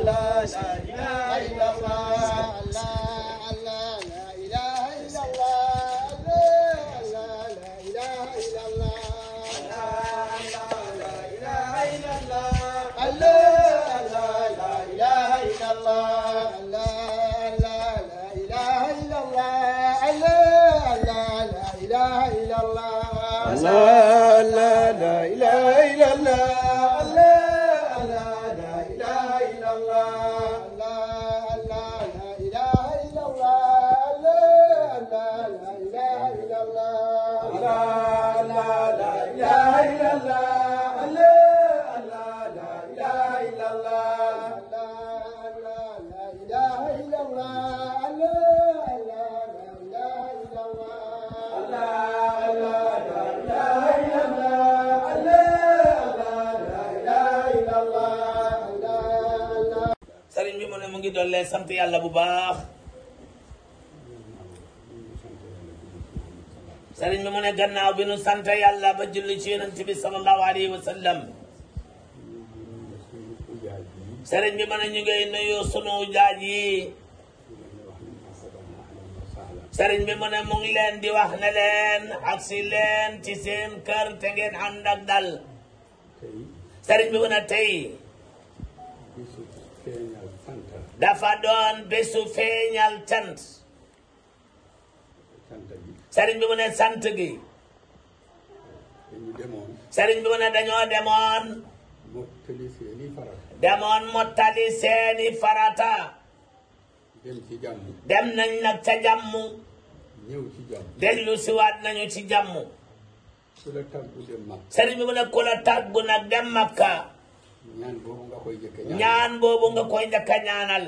الله لا إله إلا الله Allah. tàmbalee sant yàlla bu baax sëriñ bi mu ne gannaaw bi nu sant yàlla ba julli ci yonent bi sallallahu alayhi wa sallam sëriñ bi mu ne ñu ngay nuyu sunu jaaj yi bi mu ne leen di wax ne leen ak leen ci kër te ngeen ànd ak dal dafa don besu feñal cant sëriñ bi mu ne sant gi sëriñ bi mu ne dañoo demon demoon mottali seeni farata dem nañ nak ca jàmm ci wat nañu ci jamm sëriñ bi mu ne ku la dem makkah ñaan boobu nga koy njëkk a ñaan boobu a ñaanal.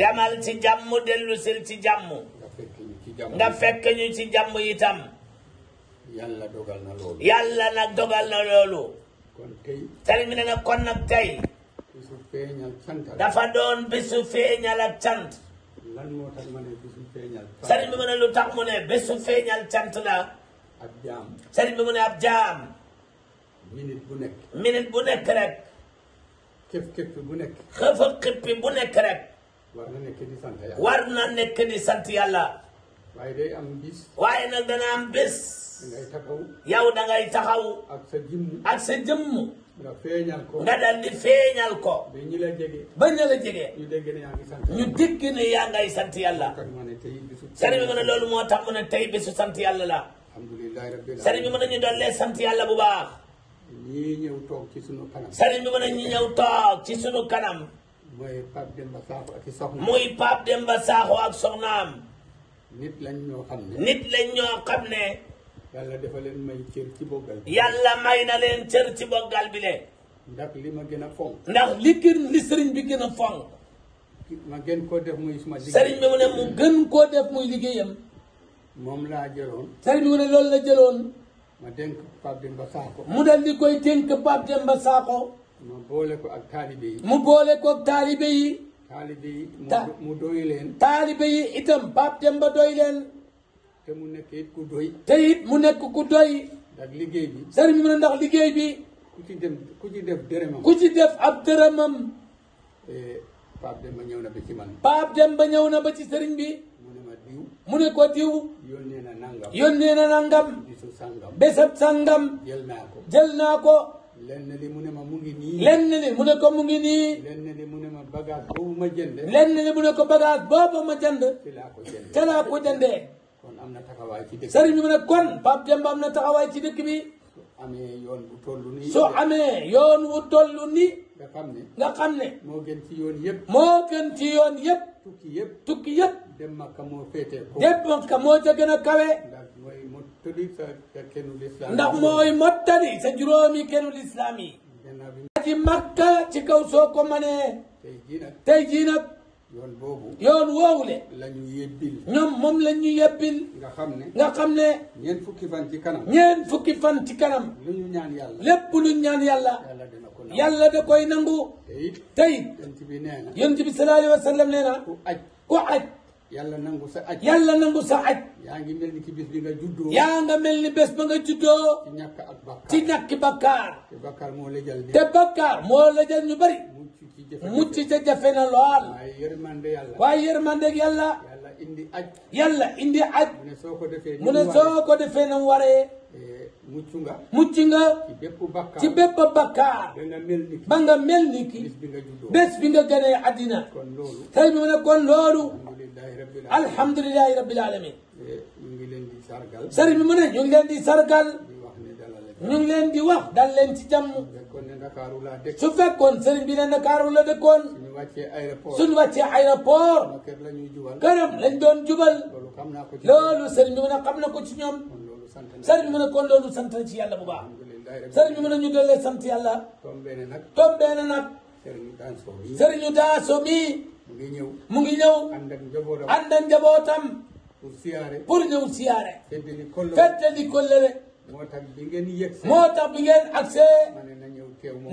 demal ci jàmm dellu sil ci jàmm. nga fekk ñu ci jàmm itam. yàlla dogal na loolu. yàlla nag na loolu. kon tey. tey mi ne nag kon feeñal cant cant. lan moo tax ma ne bisu mu ne lu tax feeñal cant la. ab jaam. sëriñ bi mu jaam. minute bu nekk. minute bu nekk rek. këf këf bu nekk. xëfa xëppi bu nekk rek. war na nekk di sant yàlla. war na nekk di sant yàlla. waaye day am bis. waaye na dana am bés. da ngay taxaw. yow da ngay taxaw. ak sa jëmm. ak sa jëmm. nga feeñal ko. nga daal di feeñal ko. ba ñu la jege. ba ñu la jege. ñu dégg ne yaa ngi sant ngay sant yàlla. sëriñ bi mu ne loolu moo tax mu ne tey bésu santi yàlla la. alhamdulilah rabbil alamin sëriñ bi mu ne ñu doon lee sant yàlla bu baax. ñii ñëw toog ci suñu kanam. sëriñ bi mu ne ñi ñëw toog ci sunu kanam. mooy Pape Demba Sakho ak soxnaam. muy Pape Demba Sakho ak soxnaam. nit lañ ñoo xam ne. nit lañ ñoo xam ne. yàlla dafa leen may cër ci boggal bi. yàlla may na leen cër ci boggal bi le. ndax li ma gën a fonk. ndax li gën li sëriñ bi gën a fonk. ma gën koo def muy suma liggéey. sëriñ bi koo def muy liggéeyam. moom laa jëloon. sëriñ bi mu ne loolu la jëloon. ma dénk Pape ba Sakho. mu dal di koy dénk Pape ba saako mu boole ko ak taalibe yi. mu boole ko ak taalibe yi. taalibe yi mu doy leen. taalibe yi itam Pape Demba doy leen. te mu nekk it ku doy. te it mu nekk ku doy. ndax liggéey bi. sëriñ bi mu ne ndax liggéey bi. ku ci dem ku ci def dërëmam. ku ci def ak dërëmam. Pape Demba ñëw ba ci man. Pape Demba ñëw na ba ci sëriñ bi. mu ne ma diw. mu ne ko diw. yónnee na nangam. yónnee na nangam. sangam bésab sangam. jël naa ko jël li mu ne ma mu ngi nii. li mu ne ko mu ngi nii. lenn li mu ne ma ko bagage boobu ma jënd. te laa ko am na taxawaay ci dëkk bi sëriñ bi mu ne kon Pape Demba am na taxawaay ci dëkk bi. amee yoon bu toll nii. soo amee yoon bu toll nii. nga ne moo gën ci yoon yëpp. moo gën ci tukki yëpp tukki yëpp. Makka moo féetee kaw. dem Makka moo ca gën a kawe. ndax mooy mottali sa sa kenu lislaam. ndax mooy mottali sa juróomi kenu lislaam yi. ci Makka ci kaw soo ko manee. tey jii tey jii nag. yoon boobu. yoon woowule. la ñu yebbil. ñoom la ñu yebbil. nga xam ne. nga xam ne. ñeent fukki fan ci kanam. ñeent fukki fan ci kanam. lu ñaan yàlla. lépp ñaan yàlla. yàlla de koy nangu. tey yonent bi sallallahu alayhi wa sallam nee na ku aj. yàlla nangu sa aj. yàlla nangu sa aj. yaa ngi mel ni ki bés bi nga juddoo. yaa nga mel ni bés ba nga juddoo. ci ñàkk ak bakkaar ci ñàkk bakkaar. te bakkaar moo la jël te bakkaar moo la jël ñu bari. mucc ca jafe na lool. waaye yërmande yàlla. waaye yërmande yàlla. yàlla indi aj. yàlla indi aj. mu ne soo ko defee ni mu waree. mucc nga mucc nga ci bépp bakkaar ci bépp bakkaar ba nga mel ni ki bés bi nga gënee àddina sëriñ bi mu ne kon loolu alhamdulilahi rabbil alamin eh, sëriñ bi mu ne ñu ngi leen di sargal ñu ngi leen di wax dal leen ci jàmm su fekkoon sëriñ bi ne Ndakaaru la dëkkoon suñu wàccee aéroport këram lañ doon jubal loolu sëriñ bi mu ne xam na ko ci ñoom sëriñ bi mu ne kon loolu sant na ci yàlla bu baax sëriñ bi mu ne ñu dollee sant yàlla tombee na nag sëriñu daaso mi mu ngi ñëw ànd ak njabootam pour siyaare pour ñëw siyaare fette di kollere moo tax bi ngeen yegg moo tax bi ngeen accès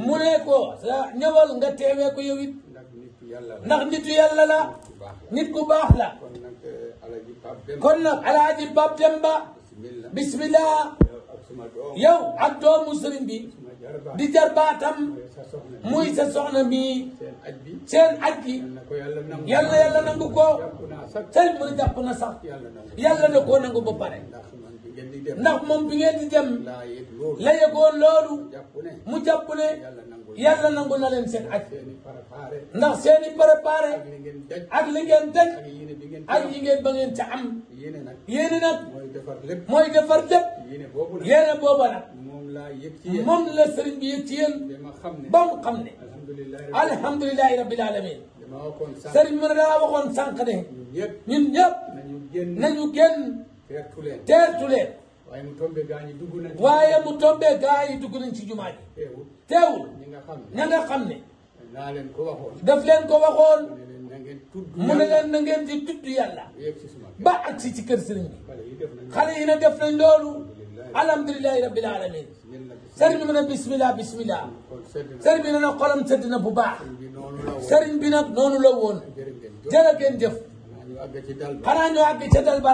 mu ne ko ñëwal nga teewee ko yow it ndax nitu yàlla la nit ku baax la kon nag alaaji Pape Demba bismillah yow ak doomu sëriñ bi di jarbaatam muy sa soxna mi seen aj gi yàlla yàlla nangu ko sëriñ bi jàpp na sax yàlla na koo nangu ba pare ndax moom bi ngeen di dem la yëgoon loolu mu jàpp ne yàlla nangu na leen seen aj ndax seen i préparé ak li ngeen daj ak yi ngeen ba ngeen ca am yéene defar lépp mooy defar lépp yéene boobu nag yéene boobu nag moom laa yëg ci yéen moom la sëriñ bi yëg ci yéen ba ma xam ne ba mu xam ne alhamdulilahi rabbil alamin dama waxoon sànq sëriñ bi daa waxoon sànq ne ñun ñëpp nañu génn teertu leen teertu leen waaye mu tombé gaa yi dugg nañ waaye mu tombé gaa yi dugg nañ ci jumaa ji teewul ña nga xam ne ña nga xam ne daa leen ko waxoon daf leen ko waxoon mu ne leen na ngeen di tudd yàlla ba agsi ci kër sëriñ bi xale yi na def nañ loolu alhamdulilahi rabbil alamin sëriñ bi mu ne bismillah bismillah sëriñ bi ne na xolam sëdd na bu baax sëriñ bi nag dal ba